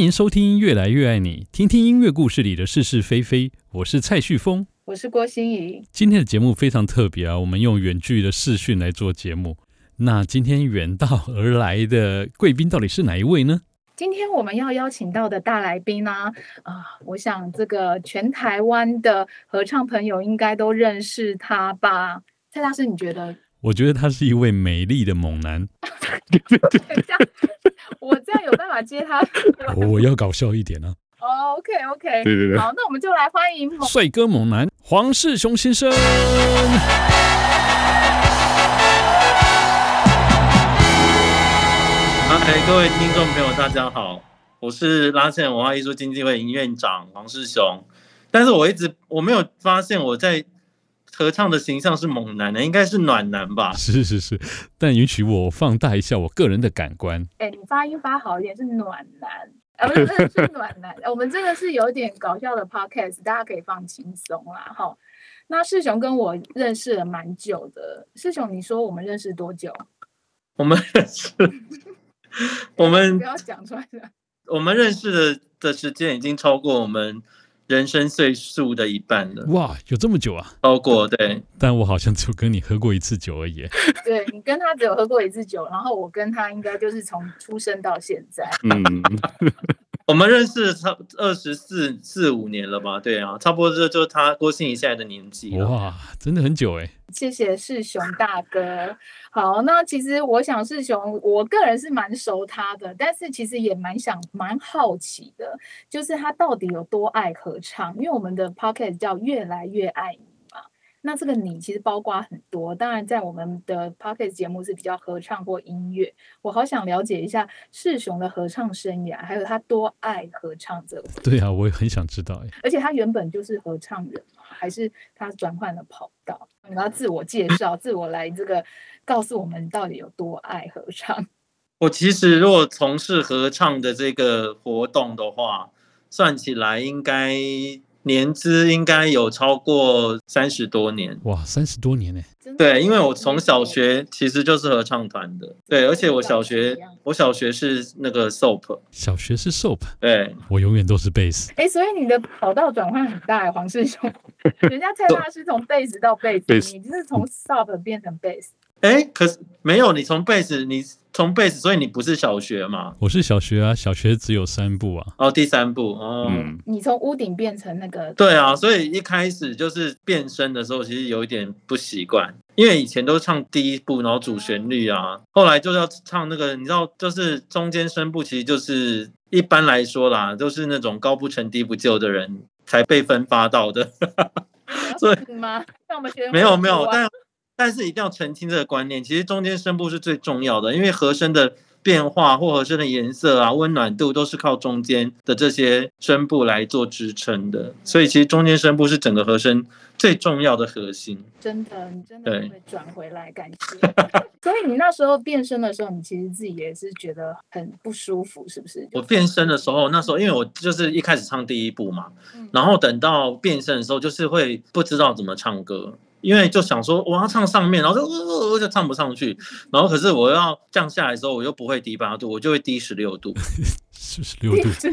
歡迎您收聽《樂來越愛你》，聽聽音樂故事裡的是是非非。我是蔡旭峰，我是郭心怡。今天的節目非常特別啊，我們用遠距的視訊來做節目。那今天遠道而來的貴賓到底是哪一位呢？今天我們要邀請到的大來賓呢，啊，啊，呃，我想這個全台灣的合唱朋友應該都認識他吧？蔡大師，你覺得？我覺得他是一位美麗的猛男 等一下。我這樣有辦法接他。Oh, 我要搞笑一點呢、啊。哦、oh,，OK，OK、okay, okay.。好，那我們就來歡迎帥哥猛男黃世雄先生。好、啊，各位聽眾朋友，大家好，我是拉縴人文化藝術經濟會營院長黃世雄。但是我一直我沒有發現我在。合唱的形象，是猛男的？應該是暖男吧？是是是，但允許我放大一下我個人的感官。哎、欸，你發音發好一點，是暖男啊、哦，不是 是暖男。我們這個是有點搞笑的 podcast，大家可以放輕鬆啦齁。那世雄跟我認識了蠻久的，世雄，你說我們認識多久？我們認識，我們不要講出來了。我們認識的的時間已經超過我們。人生歲數的一半了。哇，有這麼久啊！包括對，但我好像只有跟你喝過一次酒而已。對，你跟他只有喝過一次酒，然後我跟他應該就是從出生到現在。嗯 我們認識了差二十四四五年了吧？對啊，差不多這就是他郭心怡現在的年紀了。哇，真的很久哎、欸！謝謝世雄大哥。 好，那其實我想世雄，我個人是蠻熟他的，但是其實也蠻想蠻好奇的，就是他到底有多愛合唱？因為我們的 podcast 叫《越來越愛你》。那這個你其實包括很多，當然在我們的 Podcast 節目是比較合唱或音樂。我好想了解一下世雄的合唱生涯，還有他多愛合唱這回事。對啊，我也很想知道。而且他原本就是合唱人，還是他轉換了跑道？你要自我介紹、嗯，自我來這個告訴我們到底有多愛合唱。我其實如果從事合唱的這個活動的話，算起來應該。年資應該有超過三十多年，哇，三十多年呢？對，因為我從小學其實就是合唱團的，對，而且我小學我小學是那個 sop，a、欸、小，小，小學是 sop，a 對，我永遠都是貝斯。哎，所以你的跑道轉換很大，欸，黃世雄， 人家蔡大師是從貝斯到貝斯，你就是從 sop 變成貝斯。哎、欸，可是沒有你從 Bass 你從 Bass 所以你不是小學嘛？我是小學啊，小學只有三部啊。哦，第三部哦。嗯，你從屋頂變成那個。對啊，所以一開始就是變聲的時候，其實有一點不習慣，因為以前都是唱第一部，然後主旋律啊、哦，後來就要唱那個，你知道，就是中間聲部，其實就是一般來說啦，都、就是那種高不成低不就的人才被分發到的。所以 嗎？那我們、啊、沒有沒有，但。但是一定要澄清這個觀念，其實中間聲部是最重要的，因為和聲的變化或和聲的顏色啊、溫暖度都是靠中間的這些聲部來做支撐的，所以其實中間聲部是整個和聲最重要的核心。真的，你真的會，會轉回來的感，感謝。 所以你那時候變聲的時候，你其實自己也是覺得很不舒服，是不是？我變聲的時候，那時候因為我就是一開始唱第一部嘛，嗯，然後等到變聲的時候，就是會不知道怎麼唱歌。因為就想說我要唱上面，然後就我、呃呃呃、就唱不上去，然後可是我要降下來的時候，我又不會低八度，我就會低十六度，十 六度是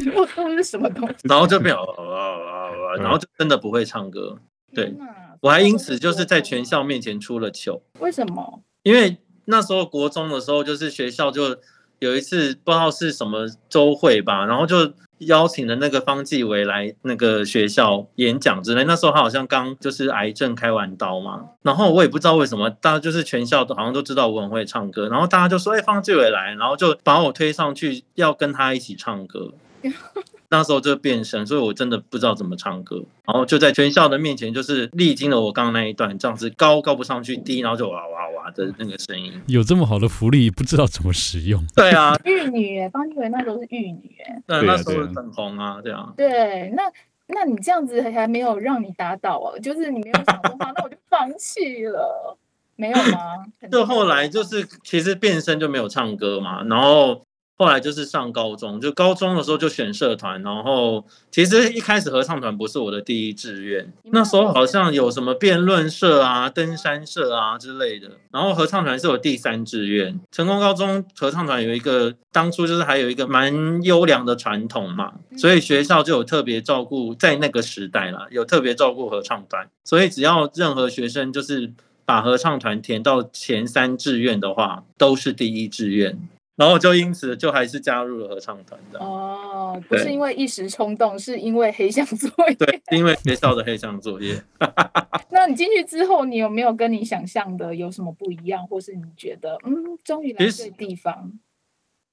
什麼東西？ 然後就沒有、啊啊啊啊啊啊啊， 然後就真的不會唱歌。對，我還因此就是在全校面前出了糗。為什麼？因為那時候國中的時候，就是學校就。有一次不知道是什麼周會吧，然後就邀請了那個方季惟來那個學校演講之類。那時候他好像剛就是癌症開完刀嘛，然後我也不知道為什麼，大家就是全校好像都知道我很會唱歌，然後大家就說：“哎，方季惟來！”然後就把我推上去要跟他一起唱歌。 那時候就變聲，所以我真的不知道怎麼唱歌，然後就在全校的面前，就是歷經了我剛剛那一段，這樣子高高不上去低，低然後就哇哇哇的那個聲音。有這麼好的福利，不知道怎麼使用。對啊，玉女耶，方季惟那時候是玉女哎， 對，那時候是很紅啊，對啊。對，啊對，那那你這樣子還沒有讓你打倒啊？就是你沒有想說話， 那我就放棄了，沒有嗎？ 就後來就是其實變聲就沒有唱歌嘛，然後。後來就是上高中，就高中的時候就選社團，然後其實一開始合唱團不是我的第一志願，那時候好像有什麼辯論社啊、登山社啊之類的，然後合唱團是我第三志願。成功高中合唱團有一個當初就是還有一個蠻優良的傳統嘛，所以學校就有特別照顧，在那個時代啦，有特別照顧合唱團，所以只要任何學生就是把合唱團填到前三志願的話，都是第一志願。然後就因此就還是加入了合唱團的哦，不是因為一時衝動，是因為黑箱作業。對，因為學校的黑箱作業。 那你進去之後，你有沒有跟你想象的有什麼不一樣，或是你覺得嗯，終於來對地方？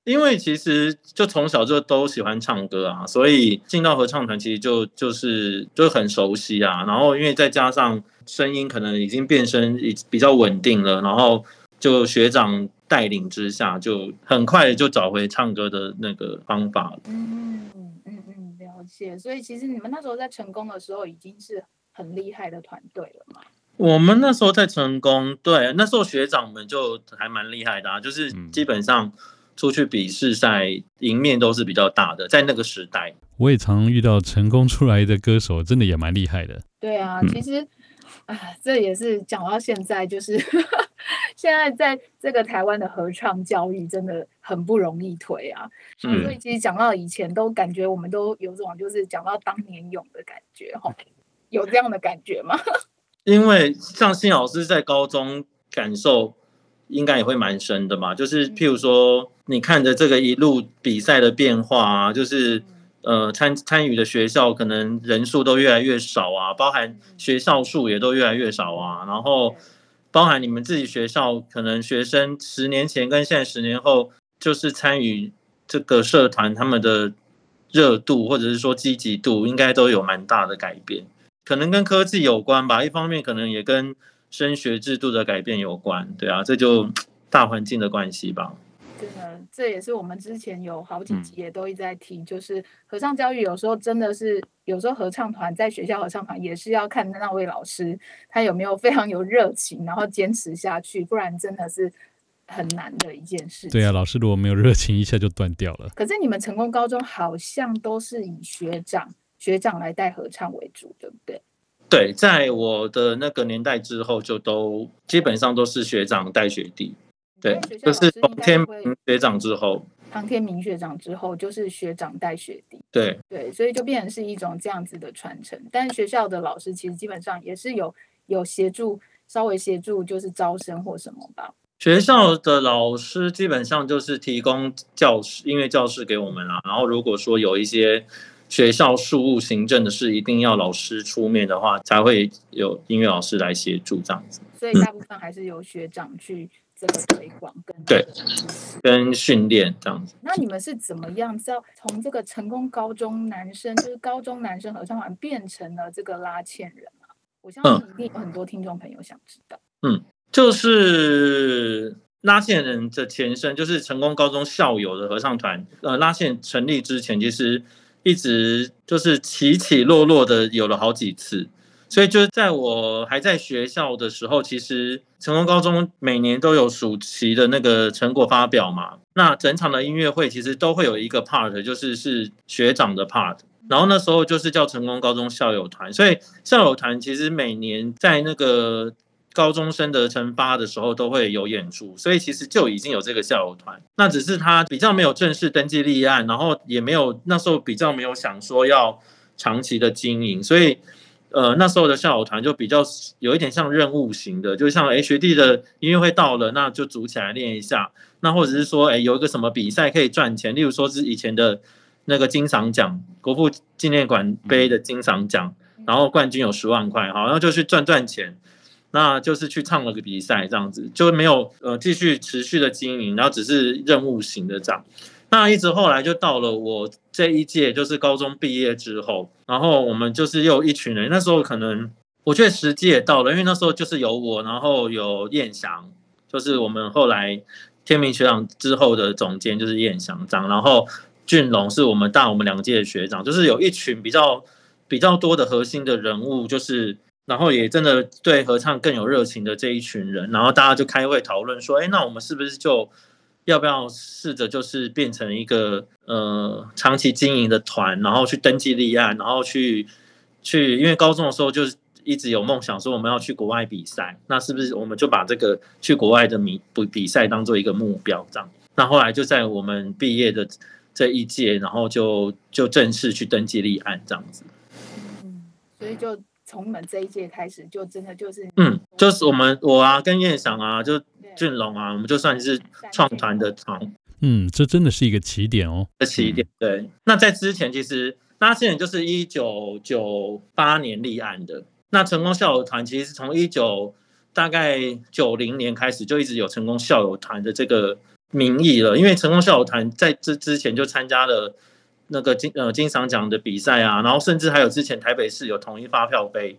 因為其實就從小就都喜歡唱歌啊，所以進到合唱團其實就就是就很熟悉啊。然後因為再加上聲音可能已經變聲已比較穩定了，然後就學長。帶領之下，就很快就找回唱歌的那個方法了。嗯嗯嗯嗯嗯，了解。所以其實你們那時候在成功的時候，已經是很厲害的團隊了嘛？我們那時候在成功，對，那時候學長們就還蠻厲害的啊，就是基本上出去比試賽贏面都是比較大的。在那個時代，我也常遇到成功出來的歌手，真的也蠻厲害的。對啊，其實、嗯、啊，這也是講到現在就是呵呵。現在在這個台灣的合唱教育真的很不容易推啊，嗯，所以其實講到以前，都感覺我們都有種就是講到當年勇的感覺，嗯，有這樣的感覺嗎？因為像新老師在高中感受應該也會蠻深的嘛，就是譬如說你看着這個一路比賽的變化啊，就是呃參參與的學校可能人數都越來越少啊，包含學校數也都越來越少啊，然後，嗯。包含你們自己學校，可能學生十年前跟現在十年後，就是參與這個社團，他們的熱度或者是說積極度，應該都有蠻大的改變。可能跟科技有關吧，一方面可能也跟升學制度的改變有關，對啊，這就大環境的關係吧。真的，這也是我們之前有好幾集也都一直在提，嗯，就是合唱教育有時候真的是，有時候合唱團在學校合唱團也是要看那位老師他有沒有非常有熱情，然後堅持下去，不然真的是很難的一件事。對啊，老師如果沒有熱情，一下就斷掉了。可是你們成功高中好像都是以學長學長來帶合唱為主，對不對？對，在我的那個年代之後，就都基本上都是學長帶學弟。對，就是唐天明學長之後，唐天明學長之後，就是學長帶學弟。對對，所以就變成是一種這樣子的傳承。但學校的老師其實基本上也是有有協助，稍微協助就是招生或什麼吧。學校的老師基本上就是提供教室，音樂教室給我們啦、啊。然後如果說有一些學校事務行政的事，一定要老師出面的話，才會有音樂老師來協助這樣子。所以大部分還是由學長去。嗯這個推廣跟對，跟訓練這樣子。嗯、那你們是怎麼樣，知道從這個成功高中男生，就是高中男生合唱團，變成了這個拉縴人、啊、我相信一定有很多聽眾朋友想知道。嗯，就是拉縴人的前身，就是成功高中校友的合唱團。呃，拉縴成立之前，其實一直就是起起落落的，有了好幾次。所以就是在我還在學校的時候，其實成功高中每年都有暑期的那個成果發表嘛。那整場的音樂會其實都會有一個 part，就是是學長的 part。然後那時候就是叫成功高中校友團。所以校友團其實每年在那個高中生的成發的時候都會有演出。所以其實就已經有這個校友團，那只是他比較沒有正式登記立案，然後也沒有那時候比較沒有想說要長期的經營，所以。呃，那時候的校友團就比較有一點像任務型的，就像哎、欸、學弟的音樂會到了，那就組起來練一下。那或者是說，哎、欸、有一個什麼比賽可以賺錢，例如說是以前的那個金嗓獎、國父紀念館杯的金嗓獎，然後冠軍有十萬塊，好，然後就去賺賺錢。那就是去唱了個比賽這樣子，就沒有呃繼續持續的經營，然後只是任務型的這樣。那一直後來就到了我這一屆，就是高中畢業之後，然後我們就是又一群人。那時候可能我覺得時機也到了，因為那時候就是有我，然後有燕翔，就是我們後來天明學長之後的總監就是燕翔，然後俊龍是我們大我們兩個屆的學長，就是有一群比較比較多的核心的人物，就是然後也真的對合唱更有熱情的這一群人，然後大家就開會討論說，哎，那我們是不是就？要不要試着就是變成一個呃長期經營的團，然後去登記立案，然後去去，因為高中的時候就是一直有夢想說我們要去國外比賽，那是不是我們就把這個去國外的比比賽當做一個目標這樣？那後來就在我們畢業的這一屆，然後就就正式去登記立案這樣子。嗯，所以就從你們這一屆開始，就真的就是嗯，就是我們我啊跟燕翔啊就。駿龍啊，我們就算是創團的創。嗯，這真的是一個起點哦，的起點。對，那在之前其實，那之前就是一九九八年立案的。那成功校友團其實是從一九大概九零年開始就一直有成功校友團的這個名義了。因為成功校友團在之之前就參加了那個經呃金賞獎的比賽啊，然後甚至還有之前台北市有統一發票杯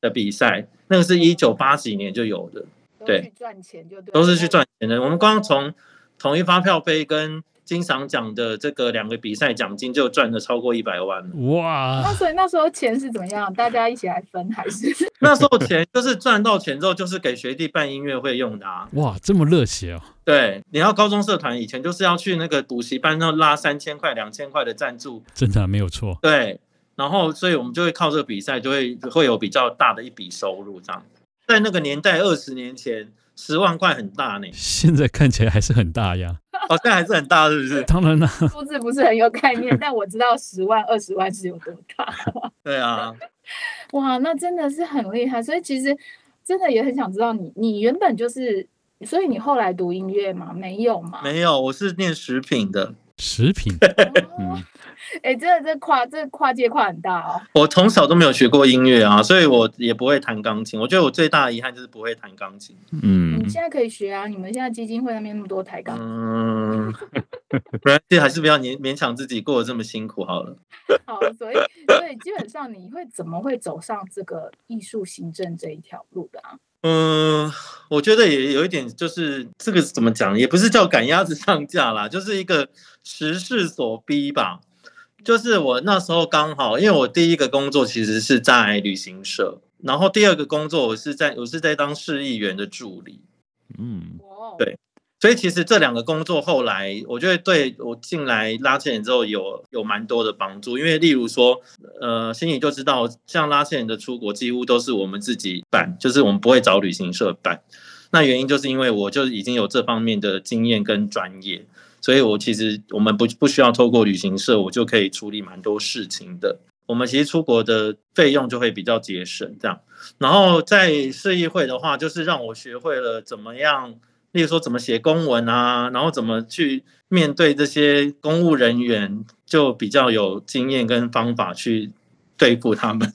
的比賽，那個是一九八幾年就有的。對，都是去賺錢就對了，都是去賺錢的。我們剛剛從統一發票杯跟金賞獎的這個兩個比賽獎金就賺了超過一百萬了。哇！那所以那時候錢是怎麼樣？大家一起來分還是？ 那時候錢就是賺到錢之後就是給學弟辦音樂會用的啊。哇，這麼熱血啊哦！對，你要高中社團以前就是要去那個補習班那拉三千塊、兩千塊的贊助，真的沒有錯。對，然後所以我們就會靠這個比賽，就會會有比較大的一筆收入這樣。在那個年代，二十年前，十萬塊很大呢！現在看起來還是很大呀，好、哦、像還是很大，是不是？ 當然了、啊，數字不是很有概念， 但我知道十萬、二 十萬是有多大。對啊，哇，那真的是很厲害。所以其實真的也很想知道你，你原本就是，所以你後來讀音樂嗎？沒有嗎？沒有，我是念食品的。食品，哎、 哦，這、欸、真的、這跨這跨界跨很大哦、啊。我從小都沒有學過音樂啊，所以我也不會彈鋼琴。我覺得我最大的遺憾就是不會彈鋼琴。嗯，你現在可以學啊，你們現在基金會那邊那麼多台鋼琴。嗯，不然這還是不要勉勉強自己過得這麼辛苦好了。好，所以所以基本上你會怎麼會走上這個藝術行政這一條路的啊？嗯，我覺得也有一點，就是這個怎麼講，也不是叫趕鴨子上架啦，就是一個時勢所逼吧。就是我那時候剛好，因為我第一個工作其實是在旅行社，然後第二個工作我是在我是在當市議員的助理。嗯，哇，對。所以其實這兩個工作後來，我覺得對我進來拉縴人之後有有蠻多的幫助，因為例如說，呃，心裡就知道像拉縴人的出國幾乎都是我們自己辦，就是我們不會找旅行社辦。那原因就是因為我就已經有這方面的經驗跟專業，所以我其實我們不不需要透過旅行社，我就可以處理蠻多事情的。我們其實出國的費用就會比較節省這樣。然後在市議會的話，就是讓我學會了怎麼樣。例如說怎麼寫公文啊，然後怎麼去面對這些公務人員，就比較有經驗跟方法去對付他們。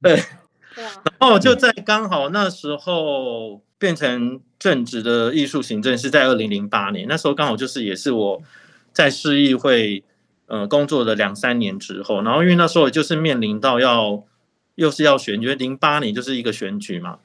對， 然後就在剛好那時候變成正職的藝術行政是在二零零八年，那時候剛好就是也是我在市議會呃工作的兩三年之後，然後因為那時候就是面臨到要又是要選舉，因為零八年就是一個選舉嘛。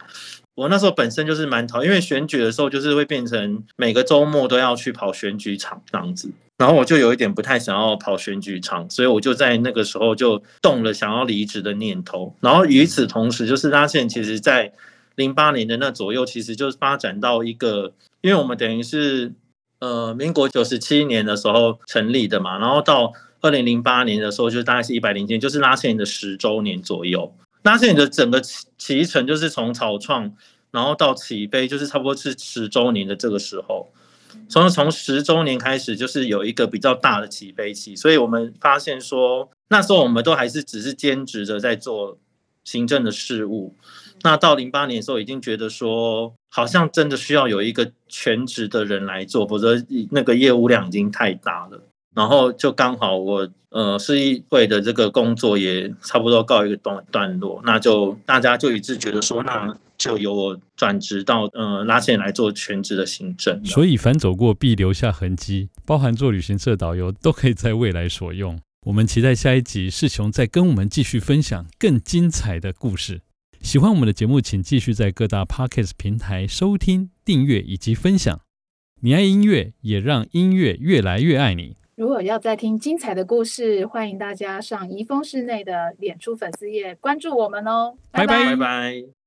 我那時候本身就是蠻討厭，因為選舉的時候就是會變成每個周末都要去跑選舉場這樣子，然後我就有一點不太想要跑選舉場，所以我就在那個時候就動了想要離職的念頭。然後與此同時，就是拉縴人其實在零八年的那左右，其實就是發展到一個，因為我們等於是呃民國九十七年的時候成立的嘛，然後到二零零八年的時候就大概是一百零天，就是拉縴人的十周年左右。那是你的整個期程，就是從草創，然後到起飛，就是差不多是十周年的這個時候。從從十周年開始，就是有一個比較大的起飛期。所以我們發現說，那時候我們都還是只是兼職着在做行政的事務。那到零八年的時候，已經覺得說，好像真的需要有一個全職的人來做，否則那個業務量已經太大了。然後就剛好我呃市議會的這個工作也差不多告一個段段落，那就大家就一致覺得說，那就由我轉職到呃拉縴人做全職的行政。所以凡走過必留下痕跡，包含做旅行社導遊都可以在未來所用。我們期待下一集世雄再跟我們繼續分享更精彩的故事。喜歡我們的節目，請繼續在各大 Podcast 平台收聽、訂閱以及分享。你愛音樂，也讓音樂越來越愛你。如果要再聽精彩的故事，歡迎大家上怡豐室內的臉書粉絲頁關注我們哦。拜拜拜拜。拜拜。